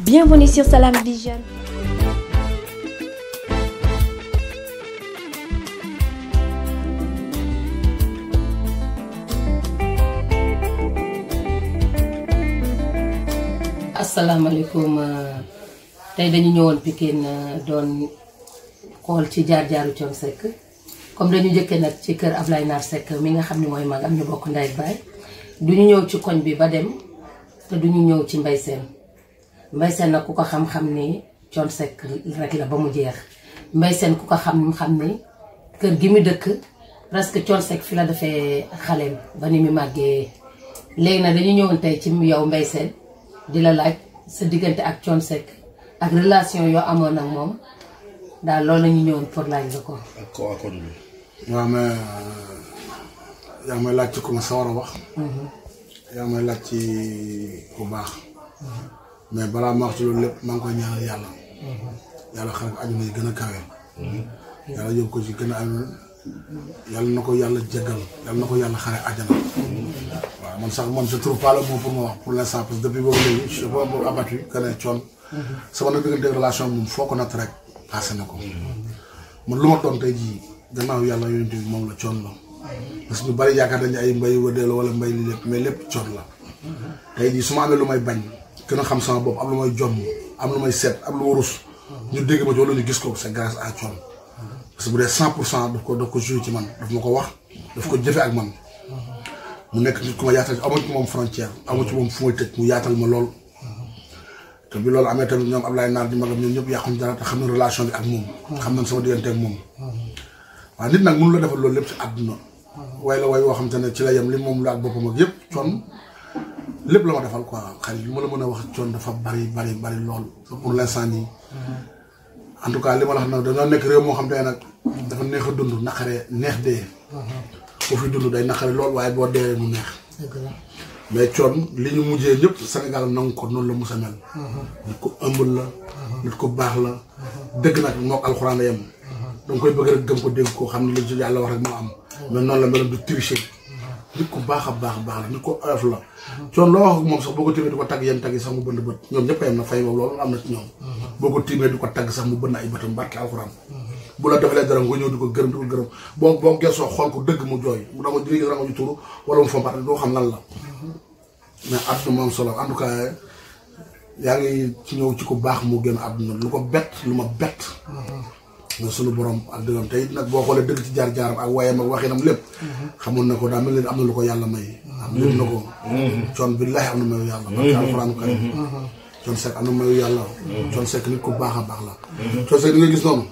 Bienvenue sur Salam Vision. asalaamaaleykum euh, tey dañu ñëwoon Pikine euh, doon xool ci jaar-jaaru Thione sekk comme dañu njëkkee nag ci kër Ablaye Nar Seck mi nga xam ne mooy mag am ñu bokk ndey baay duñu ñëw ci koñ bi ba dem te duñu ñëw ci mbay seen Mbaye Sène nag ku ko xam-xam ni Thione Seck rek la ba mu jeex Mbaye seen ku ko xam-xam ni kër gi mu dëkk presque Thione Seck fi la defee xale ba ni mu màggee léegi nag dañu ñëwoon tey ci yow mbay Sène di la laaj sa diggante ak Thione Seck ak relation yow amoon ak moom daal loolu la ñu ñëwoon pour laaj la ko. ak ko ak bi. waaw mais yaa may laaj ci ku ma sawar a wax. Mhm. yaa may laaj ci bu baax. Mhm. mais balaa ma wax ci loolu lépp maa ngi koy ñaanal yàlla. yàlla xaral ko àdduna yi gën a kawe. yàlla yóbbu ko ci gën a am yàlla na ko yàlla jéggal yàlla na ko yàlla xare àjjana. waaw man sax man je trouve pas ma wax pour l'instant parce que depuis boobu léegi je suis pas encore abattu que ne na ko. man lu ma doon tey jii gannaaw yàlla yonent moom la coon la. parce ñu bari yaakaar nañu ay mbay wëddeel wala mbay li mais lépp coon la. tey jii su ma amee lu may bañ. gën a xam sama bopp am lu may jomm am lu may seet am lu ma rus ñu dégg ma ci wala ñu gis ko c'est grâce à Thione parce que bu dee cent pour cent daf ko daf ko joué ci man daf ma ko wax daf ko jëfe ak man mu nekk nit ku ma yaatal amu ci moom frontière amu mu yaatal ma lool te bi loolu amee tamit ñoom Ablaye Naar di magam ñoom ñëpp yàquñ dara te xam na relation bi ak moom xam nañ sama diggante ak moom waaw nit nag mënu la defal loolu lépp ci àdduna way la way woo xam te ne ci la yem li moom la ak boppam lépp la ma defal quoi xarit li ma la mën a wax coon dafa bari bari bari lool pour l'instant nii en tout cas li ma la xam ne dañoo nekk réew moo xam te nag dafa neex a dund naqare neex dee boo fi lool waaye boo dee mu neex mais coon li ñu mujjee ñëpp Sénégal nangu ko noonu la musa mel nit ko ëmbal la nit ko baax la dëgg nag mook alxuraan yem danga koy bëgg rek gëm ko dégg ko xam ne li ci yàlla wax rek moo am mais noonu la meloon du tricher nit ko baax baax baax la nit ko oyof la coon loo wax ak moom sax boo ko tiimee di ko tagg yenn tagg yi sax mu bënd bët ñoom ñëpp a yem na fay boobu loolu am na ci ñoom boo ko tiimee di ko tagg sax mu bënd ay bëtam barke alxuraan bu la defalee dara nga ñëw di dëgg mu jooy mu dama léegi dama ñu turu wala mu fombaat doo xam lan la mais àdduna moom solo en tout cas yaa ngi ñëw ci ko baax mu gën àdduna lu ko bett lu ma bett mooy sunu borom ak dëggam tey nag boo xoolee dëgg ci jaar-jaaram ak waayam ak waxinam lépp. xamoon na ko daa mel ni am lu ko yàlla may. am na lu ko. coon billaahi am na mayu yàlla. barke alxuraan karim. coon sekk yàlla. coon sekk nit ku baax a baax la. coon sekk di nga gis noonu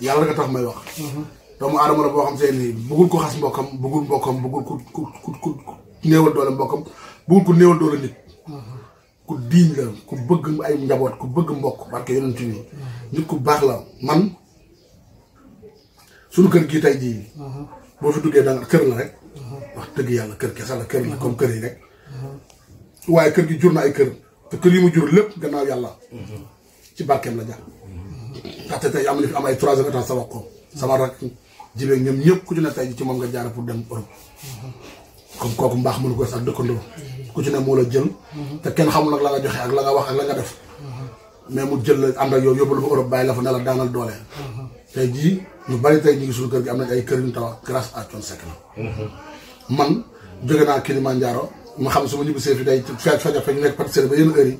yàlla rek tax may wax. doomu aadama la boo xam te ni bëggul ko xas mbokkam bëggul mbokkam bëggul ku ko ku ku néewal doole mbokkam bëggul ku néewal doole nit. ku diiñ la ku bëgg ay njaboot ku bëgg mbokk barke yonent nit ku baax la man. suñu kër gii tey jii boo fi duggee da nga kër la rek wax dëgg yàlla kër kese la kër la comme kër yi rek waaye kër gi jur na ay kër te kër yi mu jur lépp gannaaw yàlla ci barkeem la jàpp ndaxte tey am na am ay troisième étage ko sama rak jibee ñoom ñëpp ku ci ne tey ci moom nga jaare pour dem Europe comme kooku mbaax mënu ko sax dëkkandoo ku ci ne moo la jël te kenn xamul nag la nga joxe ak la nga wax ak la nga def mais mu jël la ànd ak yóbbu la fa Europe bàyyi la fa ne la daanal doole tey jii ñu bari tey ñu ngi suñu kër gi am nañ ay kër yu ñu tabax grâce à Thione Seck la. man jóge naa Kilimanjaro ma xam su ma ñibbisee fi day fekk fajar fekk nekk pâtisserie ba yenn heure yi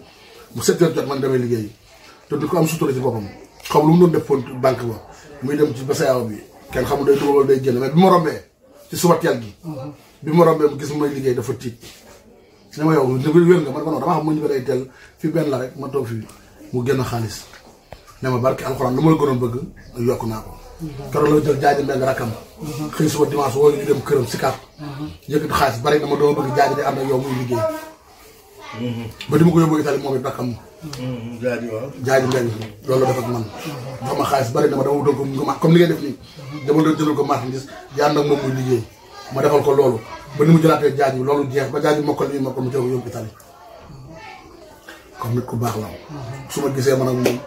bu sept heures jot man damay liggéey te du ko am sutura ci boppam xaw lu mu doon def fóon banque ba muy dem ci basayaaw bi kenn xamul day dugal day génn mais bi ma rombee ci suba teel gi bi ma rombee mu gis may liggéey dafa tiit ne ma yow wér nga man ko non dama xam mu ñibbi day teel fi benn la rek ma toog fi mu génn xaalis ne ma barke alxuraan lu ma la gënoon bëgg yokk naa ko. keroog la jël jaaji mbeng rakkam. xëy suba dimanche si kàpp. yëkkati xaalis bari na ma doon bëgg jaaji di ànd ak yow muy liggéey. ba di ma ko yóbbu Italie moom it rakkam. jaaji loolu la def ak man. bari na ma dama doon ko nga ma comme dama doon jëlal ko marchandise jaan nag moom muy liggéey. ma defal ko loolu ba ni mu jëlaatee jaaji bi loolu jeex ba jaaji mokkal lii mokkal mu jël ko yóbbu ko comme nit ku baax la su ma gisee man ak moom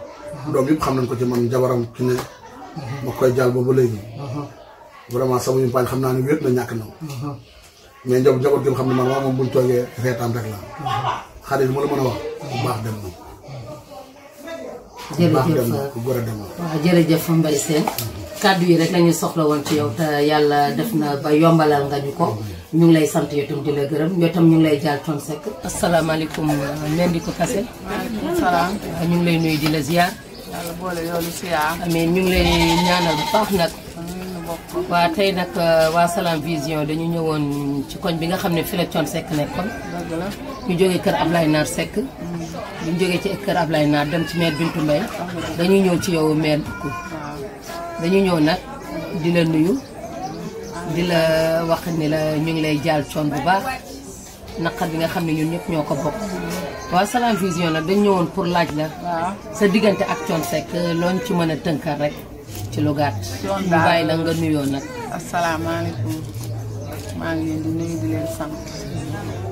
doom yëpp xam nañ ko ci man jabaram ki ne ma koy jàll ba ba léegi vraiment sama ñu paañ xam naa ne wéet na ñàkk na mais njaboot njaboot gi xam ne man waa moom buñ toogee reetaan rek la xarit ma la mën a wax bu baax dem na waaw jërëjëf Mbaye Sène kàddu yi rek lañu soxla woon ci yow te yàlla def na ba yombalal nga ñu ko ñu ngi lay sant yow itam di la gërëm yow itam ñu ngi lay jaar Thione Seck. asalaamaaleykum Mendicou euh, Kassé. ko salaam. Euh, ñu ngi lay nuyu di la ziar. yàlla boole yoolu ñu ngi lay ñaanal bu baax nag. waa tey nag euh, waa Salam Vision dañu ñëwoon ci koñ bi nga xam ne fi la Thione Seck nekkoon. ñu jóge kër Ablaye Naar sekk bu mm. jóge ci ci kër ab lay Naar dem ci meer Bintou Mbaye dañu ñëw ci yow maire Dickou. dañu ñëw nag di la nuyu. di la wax ni la ñu ngi lay jaal coon bu baax naqar bi nga xam ne ñun ñëpp ñoo ko bokk. waaw Salam Vision nag dañ ñëwoon pour laaj la. sa diggante ak Thione Seck looñ ci mën a tënkal rek ci lu gàtt. la nga nuyoo nag. asalaamaaleykum ngi leen di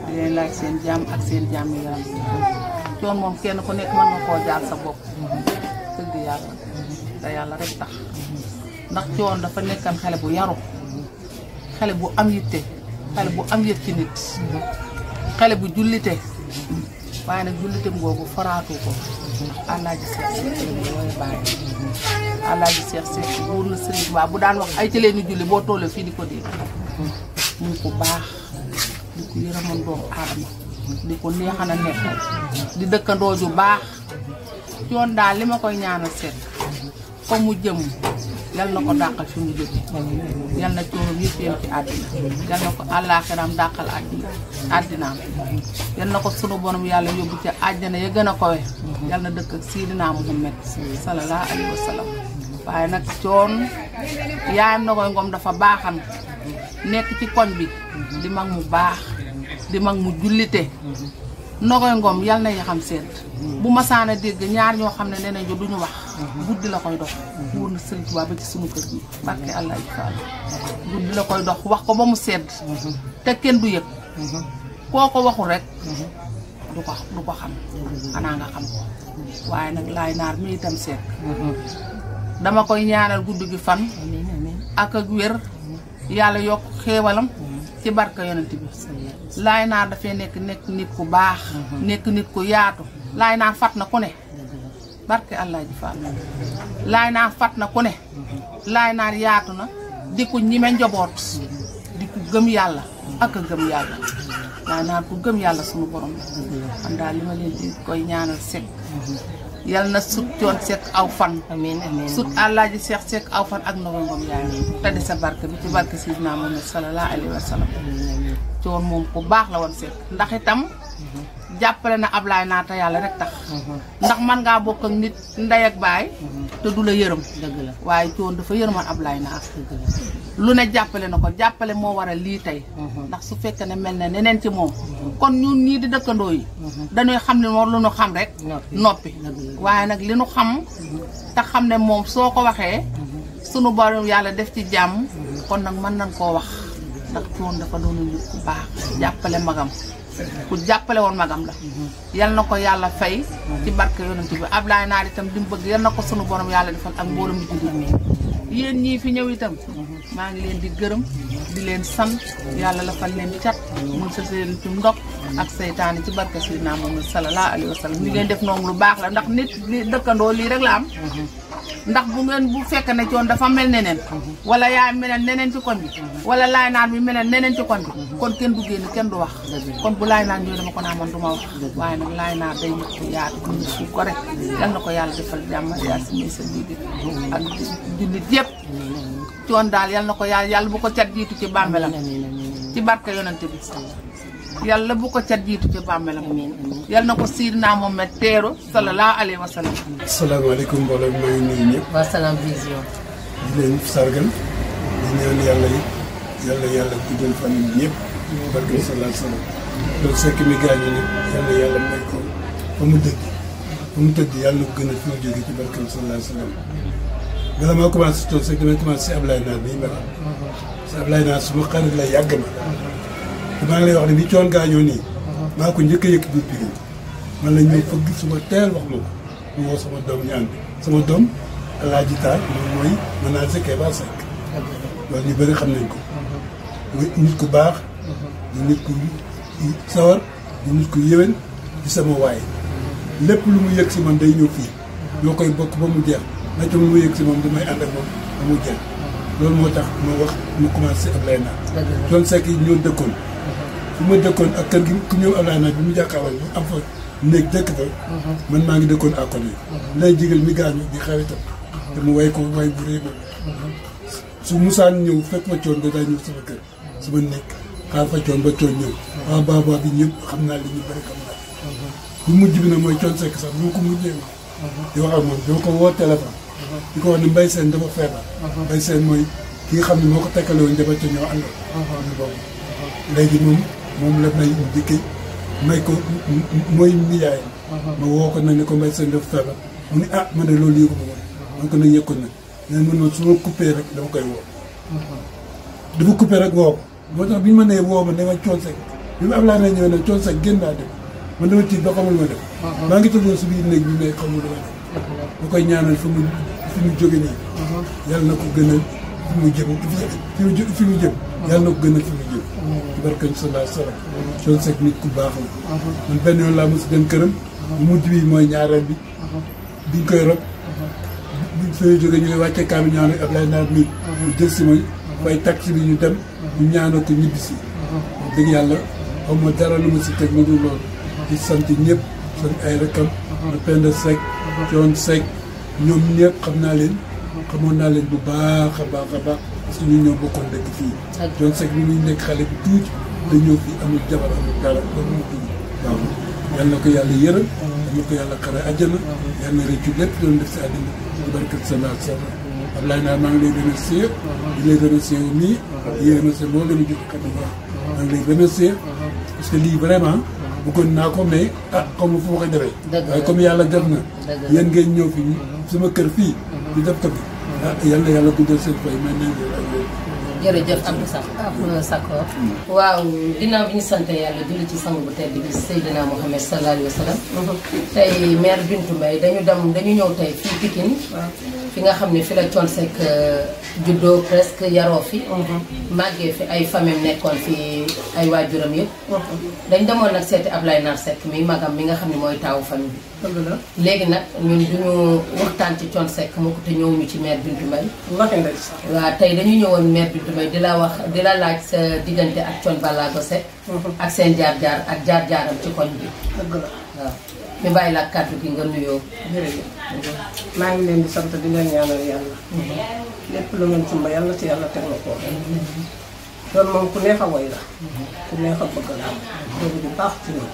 di leen seen jàmm ak seen jàmm moom kenn ku nekk mën nga koo jaal sa bopp. dëgg yàlla te yàlla rek tax ndax Thione dafa nekkan xale bu yaru. xale bu am yitte xale bu am yët ci nit xale bu jullite waaye nag jullitam googu faraatu ko ndax àllaaji seex seex si na sëriñ Tuubaa bu daan wax ay ci leen julli boo toolee fii di ko dégg muy ku baax di ko yërëmoon doomu aadama di ko neexan a di dëkkandoo ju baax yoon daal li ma koy ñaanal seet fa mu jëm yal na ko dàqal fi mu jóge yal na coono yëpp yem ci àddina yal na ko àllaaxiraam dàqal àddina àddinaam yal na ko sunu borom yàlla yóbbu ca àjjana ya gën a kowe yal na dëkk ak Seydina Muhammad sallallahu alayhi wa sallam waaye nag coon yaayam na koy ngoom dafa baaxan nekk ci koñ bi di mag mu baax di mag mu jullite Nogoy Ngom yal na xam seen bu masaana dégg ñaar ñoo xam ne nee nañu duñu wax. guddi la koy dox. wóor na Sëriñ Tuubaa wax ko ba mu sedd. te kenn du yëg. koo ko waxul rek. du ko xam. xanaa nga xam ko. waaye nag laay naar mi itam seet. dama koy ñaanal guddi gi fan. ak ak wér. yàlla yokk xéewalam. ci barka yonent bi laay naar dafay nekk nekk nit ku baax mhm. nekk nit ku yaatu laay naar fat na ku ne barke allah ji faal laay naar fat na ku ne laay naar yaatu na di ku ñime njaboot di ku gëm yàlla ak a gëm yàlla laay naar ku gëm yàlla sunu borom la man li ma leen di koy ñaanal sekk mhm. yal na sut coon sekk aw fan sut àllaaji seex sekk aw fan ak ndogongom yaa ngi te di ci barke Seydina Muhammad sallallahu alayhi wa coon moom ku baax la woon sekk ndax itam jàppale na Ablaay naata yàlla rek tax mhm. ndax mën ngaa bokk ak nit ndey ak baay mhm. te du la yërëm dëgg la waaye coon dafa yërëmoon Ablaay naata lu ne jàppale na ko jàppale moo waral lii tey mhm. ndax su fekkee ne mel na neneen ci moom kon ñun ñii di dëkkandoo yi mhm. dañuy xam ne moom lu ñu xam rek noppi waaye nag li ñu xam te xam ne moom soo ko waxee mhm. sunu borom yàlla def ci jàmm kon nag mën nañ koo wax ndax coon dafa doonu nit baax jàppale magam ku jàppale woon magam la yal na ko yàlla fay ci barke yonent bi Ablaay naar itam li mu bëgg yal na ko sunu borom yàlla defal ak mbooram jullit yéen ñii fi ñëw maa ngi leen di gërëm di leen san yàlla la fal leen cat mu sa leen ci ndog ak seytaane ci barka Seydina Muhammad sallallahu alayhi wa sallam li def noonu lu baax la ndax nit li dëkkandoo lii rek la am ndax bu ngeen bu fekk ne coon dafa mel neneen wala yaay meneen neneen ci kon bi wala laay naan bi meneen neneen ci koñ bi kon kenn du génn kenn du wax kon bu laay naan ñooy dama ko naa man du wax waaye nag laay naan day nit ku yaatu nit ku gore yal na ko yàlla defal jàmm yaa si may sa liggéey coon daal yal na ko yàlla yàlla bu ko cat jiitu ci bàmmeelam ci barke yonante bi yàlla bu ko cat jiitu ci bàmmeelam yal na ko siir naa moom met teeru sallallahu alayhi wa sallam asalaamaaleykum mbooloo maa ngi nuyu ñëpp waa Salam Vision di leen sargal di ñaan yàlla yi yàlla yàlla guddal fan yi ñëpp barke sallallahu sallam loolu sekk mi gaañu ni yàlla yàlla may ko fa mu dëgg fa mu tëdd yàlla na ko gën a fi mu jóge ci barke sallallahu sallam bala maa commencé toog sax damay commencé si ma la si Ablaye Naar suma xarit ma te maa ngi lay wax ne ni coon gaañoo ko njëkk a yëkk biir Pikine man la ñëw fëgg suma teel wax ko mu woo sama doom ñaan sama doom Alaaji Taal moom mooy manager Keba Seck loolu ñu xam nañ ko nit ku baax di nit ku sawar di nit ku yéwén di sama waay lépp lu mu yëg si man day ñëw fii ñoo koy bokk ba mu jeex mbéyte mu muy si moom damay ànd ak moom ba mu jeex. loolu moo tax ma wax mu commencé Ablaye Naar. doon sekk yi ñoo dëkkoon. fu ma dëkkoon ak kër gi ku ñëw Ablaye Naar bi mu jàkkaarloo ñu am fa néeg dëkk fa. Mhm. man maa ngi dëkkoon à côté. Mhm. lay jigal mi gaañu di xaritam. Mhm. te mu way ko way bu rëy moom. su musaan ñëw fekk ma coon da daa ñëw sama kër. su ma nekk xaar fa coon ba coon ñëw. waa baabaa bi ñëpp xam naa li ñu bëri xam naa. bu mujj bi na mooy coon sekk sax bu ko mujjee moom dama ko di ko wax ni Mbaye Sène dafa feebar. Uh-huh. Mbaye seen mooy ki xam ne moo ko tekkale woon jabar ca ñoo ànd. ñu uh-huh. bokk uh-huh. léegi moom moom la may dikki may ko mooy nijaayam. ma woo ko nag ne ko Mbaye Sène dafa feebar mu ne a ah, man de loolu yëgu na man su ma coupé rek koy woo. dafa coupé rek woo bi ñu ma woo ma ne ma coon sek bi ma Ablaye ñëwee nag coon sek génn naa dem man dama tiit ba xamul ma maa ngi tëddoon si biir néeg bi mais xamul ma def. bu koy ñaanal fi mu fi mu jóge nii uh-huh. yàlla na ko gënal fi mu jëm fi mu jëm uh-huh. yàlla na ko gënal fi mu jëm uh-huh. ci la man benn mooy ñaareel bi biñ koy rob biñ fay jóge ñu ngi wàcce kaami ñaanu Ablaye Naar mii mu jël si mooy fay taxi bi ñu dem ñu ñaanal ko ñibbi si wax yàlla xaw ma dara lu ma si teg ma dul loolu di sant ñëpp sant ay rakam ma Penda Thione Seck ñoom ñëpp xam naa leen xamoon naa leen bu baax a baax a baax parce que ñun ñoo bokkoon dëkk fii Thione Seck bi muy nekk xale bu tuuti da ñëw amul jabar amul dara loolu na ko yàlla yërëm yal na ko yàlla xare àjjana yal na réccu lépp doon def si àddina di barkat sa naa maa ngi lay remercier di lay remercier wu jox kat bu baax maa ngi parce que lii vraiment bëggoon naa ko mais ah comme fu ma koy defee. waaye comme yàlla def na. yéen ngeen ñëw fii mhm. sama kër fii. di def ko mhm. ah yal na yàlla guddal seen fay may jërëjëf am sax am Sakkoor. waaw ginnaaw bi ñu sant yàlla julli ci sang bu tedd bi Seydina Mouhamed sallallahu alayhi wa sallam. tey mère Bintu mbay dañu dem dañu ñëw tey fii Pikine. fi nga xam ne fi la Thione Seck euh, juddoo presque yaroo fi. màggee fi ay famem nekkoon fi ay waajuram yëpp. Mhm. dañ demoon nag seeti Ablaye Nar Seck mi magam mi nga xam ne mooy taawu famille yi léegi nag ñun duñu waxtaan ci Thione Seck moo ko te ñëwuñu ci mère Bintou Mbaye waaw tey dañu ñëwoon bi Bintou Mbaye di la wax di la laaj sa diggante ak Thione Ballago Seck mhm. ak seen jaar-jaar ak jaar-jaaram ci koñ bi dëgg la ñu bàyyi la kàddu gi nga nuyoo jërëjëf maa ngi leen sant di leen ñaanal mhm. lépp lu ngeen sumba yàlla ci yàlla teg na ko mhm. loolu moom ku neex la ku neex la boobu baax ci ñun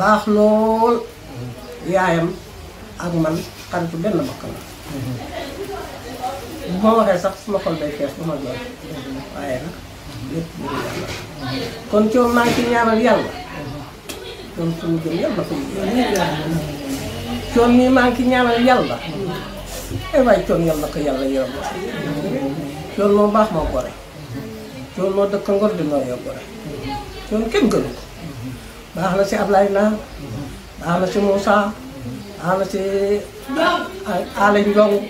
baax lool yaayam ak man xaritu benn mbokk la. bu ma waxee sax suma xol day fees ba ma jooy waaye nag lépp lu dul yàlla kon coono maa ngi ciy ñaanal yàlla. kon suñu jëm yàlla suñu coono mii maa ngi ciy ñaanal yàlla. Eh ko yàlla yoroon la. coono moo baax moo gore. coono moo dëkk ngor di yoo gore. coono kenn gënu ko. baax na si Ablaye naa. ana ci Moussa ana ci Aly Ndiongue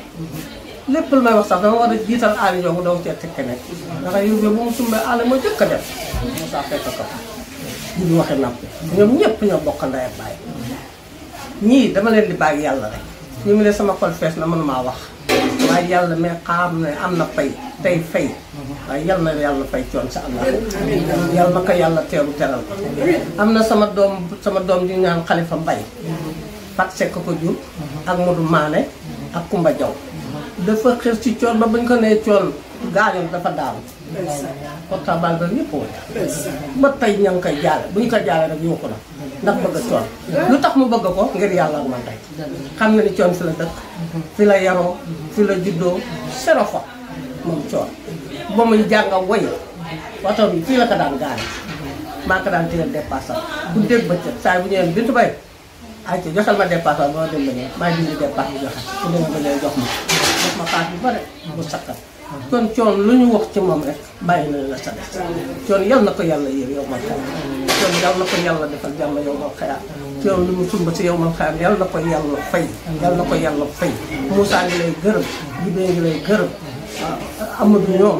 lépp lu may wax sax dama war a jiital Aly Ndiongue doo cee teg keneen ndax yóbbee bu mu sumbee Aly ma jëkk a def Moussa fekk ko bu ñu waxee napp ñoom ñëpp ñoo bokk ndey baay ñii dama leen di bàyyi yàlla rek ñu mu ne sama xol fees na maa wax waaye yàlla mais xam ne am na pay tey fay waaye yal na yàlla pay coon sa allah yàlla na ko yàlla teelu teral am na sama doom sama doom di ñaan xalifa mbay fat sekk ko jur ak Modou Mané ak Kumba Jaw dafa xër ci coon ba buñ ko nee coon gaañoon dafa daanu portable ba yëpp woon ba tey ña ngi koy bu ñu ko jaalee rek yuuxu na ndax bëgg a coon lu tax mu bëgg ko ngir yàlla ak man tey xam nga ni coon fi la dëkk fi la yaroo fi la juddoo sero fa moom coon ba muy bi fii la ko daan gaari maa ko daan téyel dépassé bu dégg bëccëg saa bu ñëwee bintu bay ay ci joxal ma dépassé boo dem ba ñëw maa jindi dépassé bi su dema ba ñëw jox ma jox ma paas bi bare bu sakkat kon coon lu ñu wax ci moom rek bàyyi na la sa def coon yal na ko yàlla yéew yow mal xayaat coon yal na ko yàlla defal jàmm yow mal xayaat coon lu mu sumba si yow mal xayaat yal na ko yàlla fay yal na ko yàlla fay Moussa ngi lay gërëm Jibee ngi lay gërëm ah, Amadou ñoom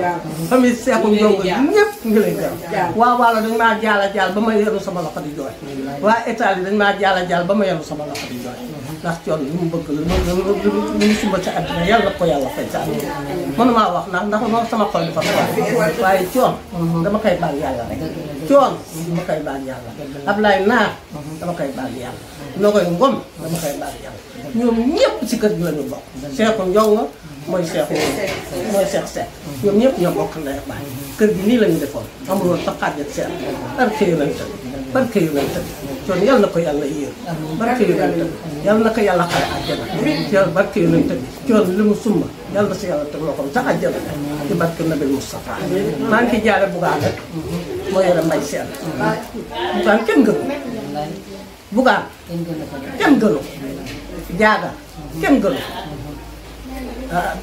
famille Seeku Ndongo ñëpp ngi lay gërëm waa Waalo dañ maa jaala jaal ba ma yaru sama loxo di jooy waa Italie dañ maa jaala jaal ba ma yaru sama loxo di jooy ndax coono li mu bëgg lu mu lu mu sumbal sa àddina yàlla ko yàlla fay sa àddina mënumaa wax nag ndax moom sama xol dafa xaw waaye coono dama koy baal yàlla rek coono dama koy baal yàlla Ablaye Naar dama koy baal yàlla Nogoy Ngom dama koy baal yàlla ñoom ñëpp si kër gi la ñu bokk Seexu Njongo mooy seex mooy seex seex ñoom ñëpp ñoo bokk ndey ak baay kër gi nii lañu defoon amul woon sax xaajat seex barke yonente barke yonente kon yal na ko yàlla yéer barke yonente yal na ko yàlla xare àjjana yàlla barke yonente coon li mu summa yàlla na si yàlla teg loo xam sax àjjana ci barke nabil Moustapha maa ngi jaare bugaan rek moo yore mbay seen bugaan kenn gënu bugaan kenn gënu jaaga kenn gënu ah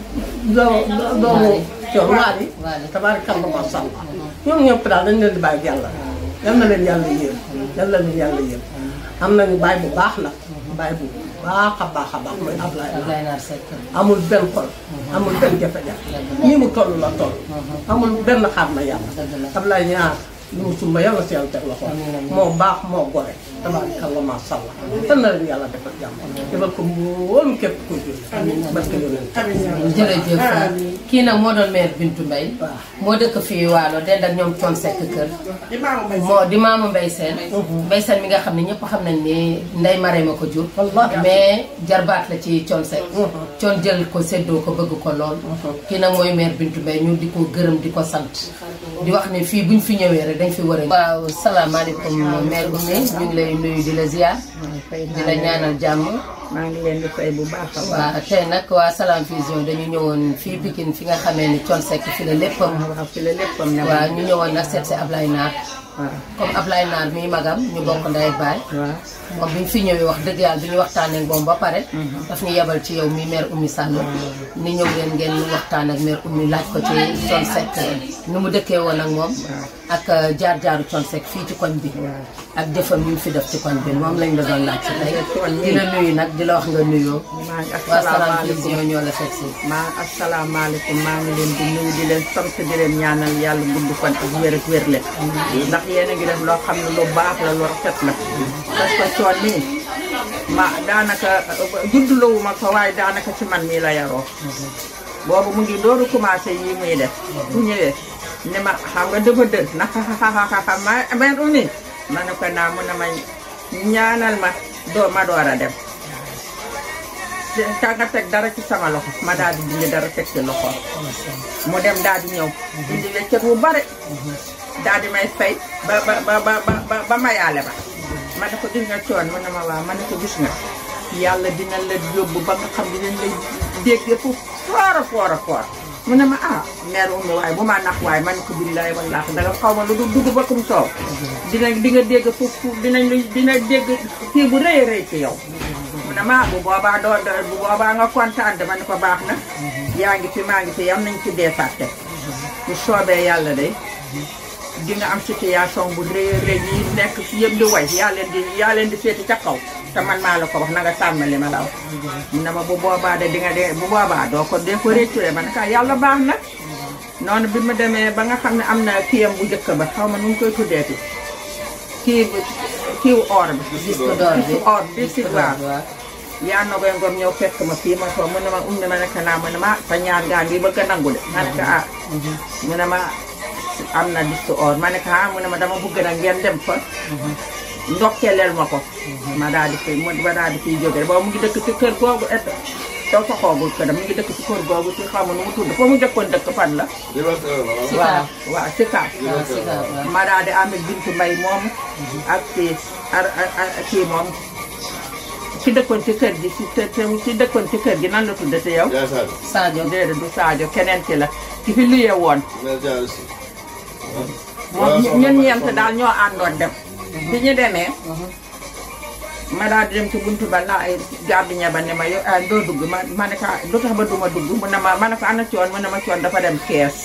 doomu doomu Thion waale. waale tabaarkalla macha allah. ñoom ñëpp daal dañu leen di bàyyi yàlla. yal na leen yàlla yéem. yal na leen am na am nañu bàyyi bu baax nag. bàyyi bu baax a baax a baax mooy Ablaye Naar amul benn xol. Mhm. amul benn jafe-jafe. nii mu toll la toll. Mhm. amul benn xaar na yàlla. Ablaye Naar. ñun sumba moo baax moo gore tabaarakallah ma sha Allah tan ko mboolem jël parce que yoneen jërëjëf kii nag moo doon maire Bintu Mbaye moo dëkk fii Waalo dend ak ñoom Thione Seck kër moo di maamu Mbaye Sène Mbaye Sène mi nga xam ne ñëpp xam nañ ni Ndeye Marème ko jur mais jarbaat la ci Thione Seck mm-hmm. Thione ko séddoo ko bëgg ko lool mm-hmm. kii nag mooy maire Bintu Mbaye ñu di ko gërëm di ko sant di wax ne fii buñ fi ñëwee rek dañ fi war a. waaw salaamaaleykum mère Oumy ñu ngi lay nuyu di la ziar. di la ñaanal jàmm. maa ngi leen bu baax a baax. nag waa Salam Vision dañu ñëwoon fii Pikine fi nga xamee ni Thione Seck fi la léppam. Ah, waaw fi la ñu ñëwoon nag seet si Ablaye Naar. waaw ah. comme Ablaye Naar mi magam ñu bokk ndey ak baay. waaw bi ñu fi ñëwee wax dëgg yàlla bi ñu waxtaanee moom ba pare. Mhm. daf ñu yebal ci yow mi mère Oumy Sall. Ah. ni ñëw leen ngeen waxtaan ak mère Oumy laaj ko ci Thione ni mu dëkkee woon ak moom. ak euh, jaar jaaru Thione fii ci koñ bi. ak jëfam ñu fi def ci koñ bi moom lañ la doon laaj si tey nuyu nag di la wax nga nuyoo. maa ngi asalaamaaleykum waa ñoo la fekk si. maa asalaamaaleykum maa ngi leen di nuyu di leen sant di leen ñaanal yàlla gudd fan ak wér ak wér leen. ndax yéen a ngi def loo xam ne lu baax la lu rafet la. parce que coon nii ma daanaka juddloowu ma ko waaye daanaka ci man mii la yaroo. boobu mu ngi dooru commencé yi muy def. bu ñëwee ne ma xam nga dëgg dëgg naka xa xa xa ma ne ko naa mun na ma ñaanal ma doo ma door a dem ka nga dara ci sama loxo ma daal di dindi dara teg ci loxo mu dem daal di ñëw dindi weccet wu bare daal di may fay ba ba ba ba ba ma yaale ba ma ne ko gis nga coon mu ne ma waa ma ne ko gis nga yàlla dina la yóbbu ba nga xam dinañ lay dégg fu foora foora foora mu ne ma ah mère Oumy waaye bu ma nax waaye man ko billaay wallaahi danga xaw ma lu dul dugg ba kum soow. dina di nga dégg foofu dinañ lu dina dégg kii bu rëy rëy ci yow. mu ne ma ah, bu boobaa doo bu boobaa nga kontaan dama ne ko baax na. yaa ngi fi maa ngi fi yam nañ ci dee fàtte. soobee yàlla de. di nga am situation bu rëy rëy yi nekk fi yëpp di way yaa leen di yaa leen di seeti ca kaw te man maa la ko wax na nga sàmm li ma la wax. na ma bu boobaa de dinga nga bu boobaa doo ko dee ko récuré ma ne yàlla baax na. noonu bi mu demee ba nga xam ne am na kiyam bu njëkk ba xaw ma nu koy tuddeeti kii kiiw or bi. disque d'or bi or disque d'or yaa nogoy ngom ñëw fekk ma fii ma toog mu ne um ne ma nekk naa mu ne ma ah, sa ñaar gaan bi bëgg a nangu de. Ah. Mm-hmm. ma ne ko ma. am na liste or ma ne ko ah mu ne ma dama bëgg nag ngeen dem fa. ndokkeeleel ma ko. ma daal di koy ma daal di mu ngi dëkk ci kër googu et taw fa xoogul ko mu ngi dëkk ci kër googu ci xaw ma nu mu tudd fa mu jëkkoon dëkk fan la. waaw waaw Sikaab. ma daal di amee bintu mbay moomu. ak kii ak kii moom. ci dëkkoon ci kër gi gi nan la tuddati yow. Sadio déedéet du saajo keneen ki la ki fi luyee woon. ñun ñeent daal ñoo àndoon dem. bi ñu demee. ma daal dem ci bunt ba naa ay gardiña ba ne ma yow ah doo dugg ma ma ne ah, lu tax ba du ma dugg mu ne ma ma ne ko ana coon mu ne ma coon dafa dem kees.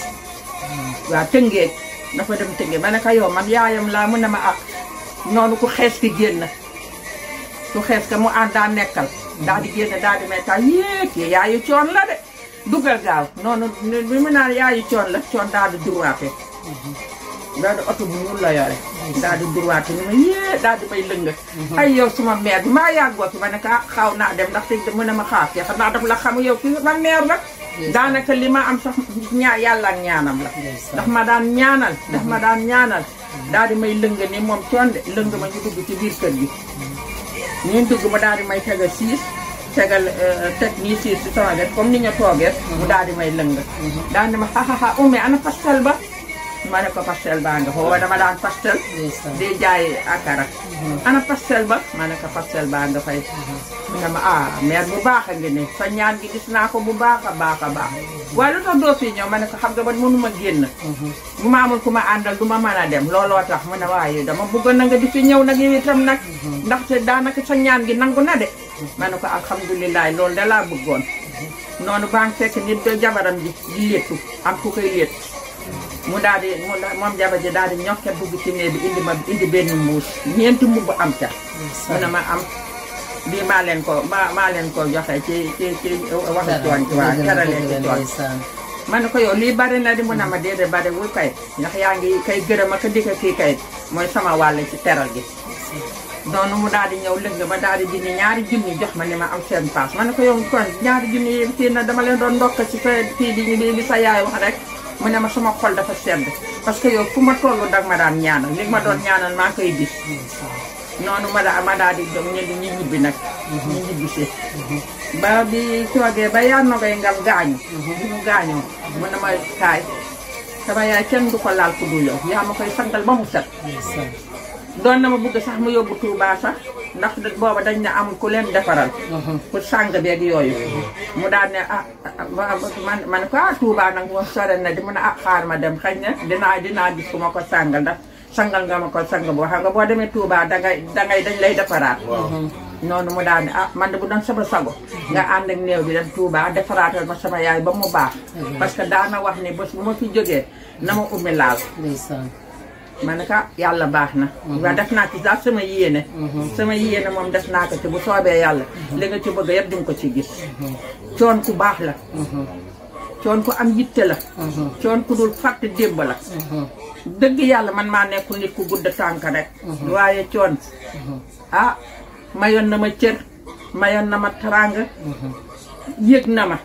waaw tëngéej dafa dem tëngéej ma ne ko yow man yaayam laa mu na ma ah noonu ku xees ki génn ku xees ka mu ànd daa nekkal. daal di génn daal di may taal yéeg yaayu coon la de. dugal gaaw noonu bi mu naan yaayu coon la coon daal di duraate daal oto bi mun la yore. daal di ni ma yee daal di may lëngal. ay yow suma maire bi maa yàggoo fi ma ne ah xaaw naa dem ndax te mu ne ma xaar fee xam naa daf la xam yow fi ma maire nag. daanaka li ma am sax ñaa yàlla ak ñaanam la. ndax ma daan ñaanal. ndax ma mhm. daan ñaanal. Mhm. daal di may lënga ni moom coonde lëng ma ñu dugg ci biir kër gi. Mhm. ñu dugg ma daal di may tegal siis tegal euh, teg nii siis si sama wet comme ni ñu toogee. mu may lënga daal ma xaaxaaxa ume ana pastel ba. ma ne ko pastel baa nga foofu dama daan pastel. di jaay akara. Mhm. ana pastel ba ma ne ko pastel baa nga fay. Mhm. mu ne ma ah mère bu baax a ngi ne sa ñaan gi gis naa ko bu baax a baax a baax. waaye lu tax doo fi ñëw ma ne ko xam nga man mënuma génn. bu mhm. ma amul ku ma àndal du ma mën a dem looloo tax mu ne waaye dama bëgg na nga di fi ñëw nag yow itam nag. ndaxte daanaka sa ñaan gi nangu na de. ma ne ko alhamdulilah loolu da laa bëggoon. noonu baa ngi fekk nit do jabaram ji di léttu am ku koy létt. mu daal di mu moom jabar ji daal di ñokket dugg ci néeg bi indi ma indi benn mbuus ñeenti am ca mu ne ma am bii maa leen ko maa maa leen ko joxe ci ci ci waxu tooñ waa teralee ci tooñ ma ne ko yow lii bari na di mu ne ma déedéet bari ndax yaa ngi kay gërëm ak dikk kii kay mooy sama wàll ci teral gi noonu mu daal di ñëw lëng ba daal di dindi ñaari junni jox ma ni ma am seen paas ma ne ko yow kon ñaari junni yi na dama leen doon ndokk ci kii di di sa yaay wax rek mu ne ma sama xol dafa sedd parce que yow fu ma toll dag ma daan ñaanal li ma doon ñaanal maa koy gis noonu ma daa ma daa ñi ñibbi nag ñu ñibbisi ba bi toogee ba yaa nogoy ngal gaañu bi mhm. mu gaañoo mu ne ma kaay sama yaay kenn du ko laal ku du yow yaa ma koy santal ba mu set doon na ma bëgg sax mu yóbbu Touba sax ndax booba dañ ne am ku leen defaral. ku mhm. sàng beeg yooyu. mu daal ne ah, ah, ah man man ko ah Touba nag moom sore na di mun a ah xaar ma dem xëy na dinaa dinaa gis ku ma ko sàngal ndax sangal nga ma ko sang boo xam nga boo demee tuubaa dangay dangay dañ lay defaraat. noonu mu daal ne ah man de bu doon sama sago nga ànd ak néew bi dem tuubaa defaraatal ma sama yaay ba mu baax. Mhm. parce que daana wax ne bés bu ma fi jógee na ma ummi laal. ma ne ka ah, yàlla baax na. Mhm. waaw def naa ci daal sama yéene. Mhm. sama yéene moom def naa ko ci bu soobee yàlla. Mhm. li nga ci bëgg yëpp di nga ko ci gis. coon ku baax la. coon ku am yitte la. coon ku dul fàtte démb la. dëgg yàlla man maa nekkul nit ku gudd tànk rek. waaye coon. ah mayoon na ma cër mayoon na ma teraanga. yëg na ma.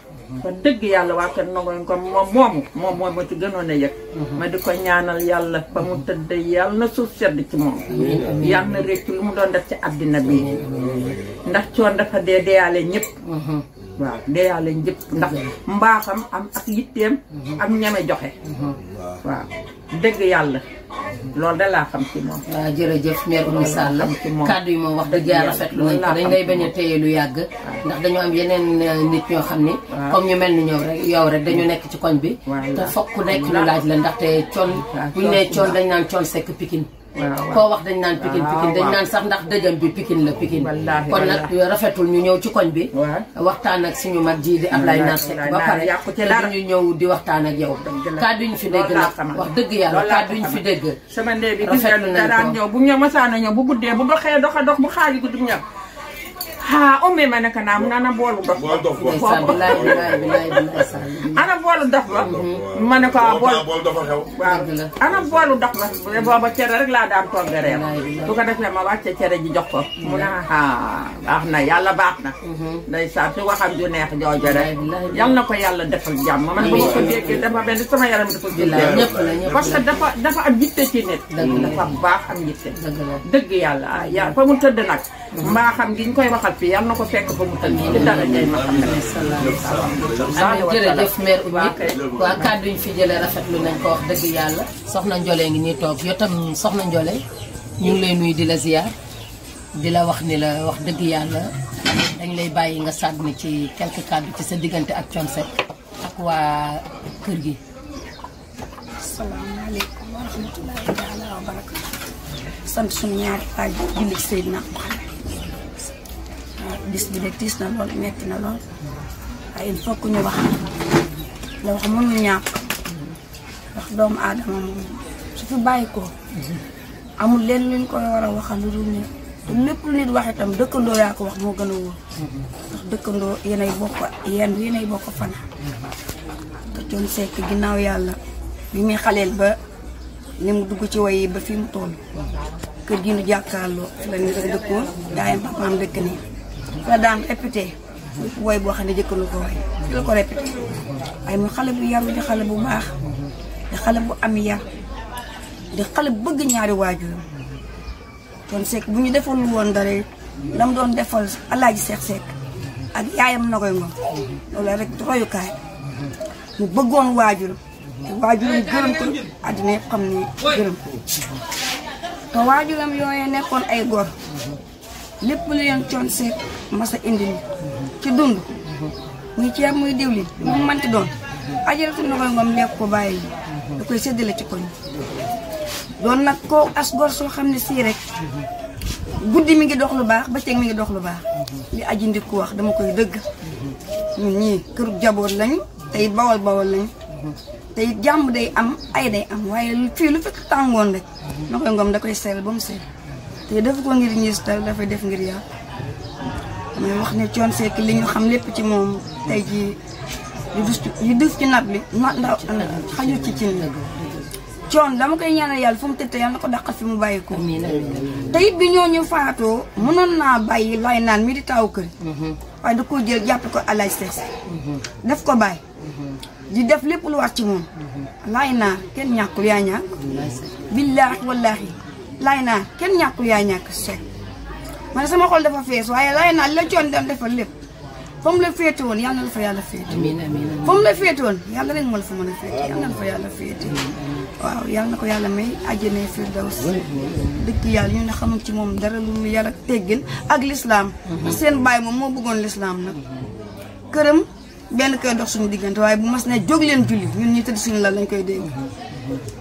kon dëgg yàlla waa kër Nongoy Ngom moom moomu moom moom moo ci gënoon a yëg mhm. ma di ko ñaanal yàlla ba mu tëdd yàlla na suuf sedd ci moom yàlla na réccu lu mu doon def ci àddina bi ndax coon dafa dee deeyaale ñëpp mhm. waaw deeyaale ñëpp ndax mbaaxam am ak yitteem mhm. am ñeme joxe waaw dëgg yàlla loolu da laa xam ci moom. waaw jërëjëf mère Oumy Sall kàddu yi moom wax dëgg yàlla rafetlu nañ ko dañ lay bañ a téye lu yàgg. ndax dañu am yeneen euh, nit ñoo xam ni. comme ñu mel ni ñëw rek yow rek dañu nekk ci koñ bi. te fokk nekk lu laaj la ndaxte coon. waaw ne nee coon dañ naan coon sekk pikin. koo wax dañ naan pikin ah, pikin dañ naan sax ndax dëggam bi pikin la pikin kon nag rafetul ñu ñëw ci koñ bi waxtaan ak suñu mag ji di Ablaye Naar Seck ba pare te ñëw di waxtaan ak yow kàddu ñu fi dégg nag wax dëgg yàlla kàddu ñu fi dégg sama ndee bi gis nga daan ñëw bu ñëw masaana bu guddee bu doxee doxa dox bu xaaji guddi ñëw ha ah, o mema naka na amuna ana boolu dof ba ana boolu dof ba mhm. ma ne ko ah, boolu dof xew boolu dof ba booba cere rek laa daan togg reer ko defee ma wàcce cere ji jox ko mu ne ah baax na yàlla baax na mhm. ndeysaan si waxam ju neex jooju rek yal na ko yàlla defal jàmm man ma ko déggee dafa benn sama yaram dafa gën parce que dafa dafa am yitte ci nit dafa baax am yitte dëgg ah, yàlla fa mu tëdd nag mhm. mbaa xam ñu koy waxal fii yal na ko fekk ba mu tënk ci dara jay xam ne salaam jërëjëf mère Oumy waa kàddu yi fi jëlee rafetlu nañ ko wax dëgg yàlla soxna njole ngi nii toog yow tam soxna Ndiolé ñu ngi lay nuyu di la ziar di la wax ni la wax dëgg yàlla dañ lay bàyyi nga sànni ci quelques kàddu ci sa diggante ak Thione Seck ak waa kër gi salaamaaleykum wa rahmatulahi taala wa barakatu sant suñu paj julli Seydina Muhammad bis bi de tiis na lool metti na lool waaye il faut que ñu wax la wax mënul ñàkk wax doomu aadama moom su fi bàyyi ko amul leen luñ koy war a waxal lu dul ne te lépp nit wax itam dëkkandoo yaa ko wax moo gën a wóor ndax dëkkandoo yenay bokk yenn yenay bokk fana te Thione Seck ginnaaw yàlla bi muy xaleel ba ni mu dugg ci way yi ba fi mu toll kër gi nu jàkkaarloo fi la nit dëkkoon yaayam papaam dëkk nii la daan répété woy boo xam ne jëkkalu ko woy la ko répété waaye mu xale bu yaru di xale bu baax di xale bu am yar di xale bu bëgg ñaari waajuram kon Seck bu ñu defal woon dara dam doon defal alaaji Seck Seck ak yaayam na koy moom loolu rek royukaay mu bëggoon waajuram te waajuram gërëm ko àddina yëpp xam ne gërëm ko te waajuram yooyu nekkoon ay gor lépp lu leen coon seet masa indil ci dund muy ceeb muy diwlin mu manti doon ajaratu na koy ngoom lekk ko bàyyi da koy séddale ci koñ doon nag koo as gor soo xam ne sii rek guddi mi ngi dox lu baax ba ceeg mi ngi dox lu baax li aji ndikku wax dama koy dëgg ñun ñii këru jaboot lañ tey bawal bawal lañ tey jàmm day am ay day am waaye fii lu fekk tàngoon rek na koy ngoom da koy seel ba mu seel te def ko ngir njiital dafay def ngir yàlla damay wax ne coon Seck li ñu xam lépp ci moom tey jii yu dus ci nag bi na ndaw xajul ci cin la dama koy ñaanal yàlla fu mu tëdd yàlla na ko dàqal fi mu bàyyi ko te it bi ñooñu faatoo mënoon naa bàyyi lay naan mi di taaw kër mhm. waaye da koo jël jàpp ko àlaj sees mhm. daf ko bàyyi mhm. di def lépp lu war ci moom lay naan kenn ñàkkul yaa ñàkk billaahi wallaahi lay naa kenn ñàkkul yaay ñàkk sec ma ne sama xol dafa fees waaye lay naa li la coon dem defal lépp fa mu la féete woon yàlla na la fa yàlla féete fa mu la féete yàlla la fa mën a féete yàlla na fa yàlla féete waaw yàlla na ko yàlla may àjjana firdaws dëkk yàlla ñu ne xamul ci moom dara lu mu yàlla ak teggin ak lislaam mhm. seen baay moom moo bëggoon lislaam nag këram benn koy dox suñu diggante waaye bu mas ne jóg leen julli ñun ñu tëdd suñu lal lañ koy dégg mhm.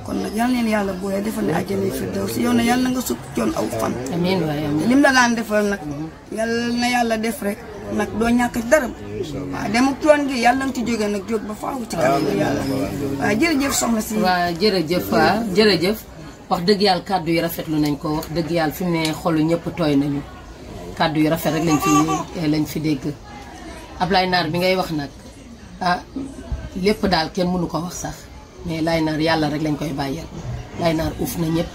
kon nag yal leen yàlla boole defal ne àjjana firdawsi yow na yàlla nga sukk coon aw fan amiin waay amiin lim la daan defal nag yàlla def rek nag doo ñàkk dara waaw dem ak coon yàlla na ci jógee nag jóg ba faaw ci kanam yàlla waaw jërëjëf soxna si waaw jërëjëf waaw jërëjëf wax dëgg yàlla kàddu yi rafetlu nañ ko wax dëgg yàlla fi mu ne xolu ñëpp tooy nañu kàddu yu rafet rek lañ fi eh, lañ fi dégg Naar bi ngay wax nag ah, lépp daal kenn mënu ko wax sax mais lay naar yàlla rek lañ koy bàyyeel lay naar uf na ñëpp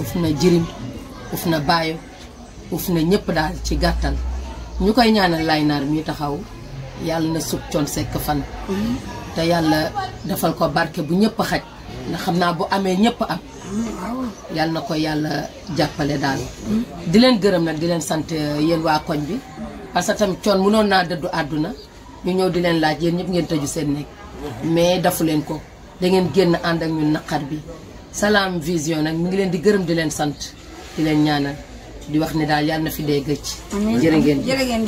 uf na jirim uf na baayo uf na ñëpp daal ci gàttal ñu koy ñaanal lay naar mi taxaw yàlla na sub coon sekk fan te yàlla defal ko barke bu ñëpp xaj ndax xam naa bu amee ñëpp am yàlla na ko yàlla jàppale daal di leen gërëm na di leen sant uh, yéen waa koñ bi parce que tam coon munoon naa dëddu àdduna ñu ñëw di leen laaj yéen ñëpp ngeen tëju seen néeg mais dafu leen ko da ngeen génn ànd ak ñun naqar bi Salam Vision nag mi ngi leen di gërëm di leen sant di leen ñaanal di wax ni daal yàlla na fi dee gëcc. jërë ngeen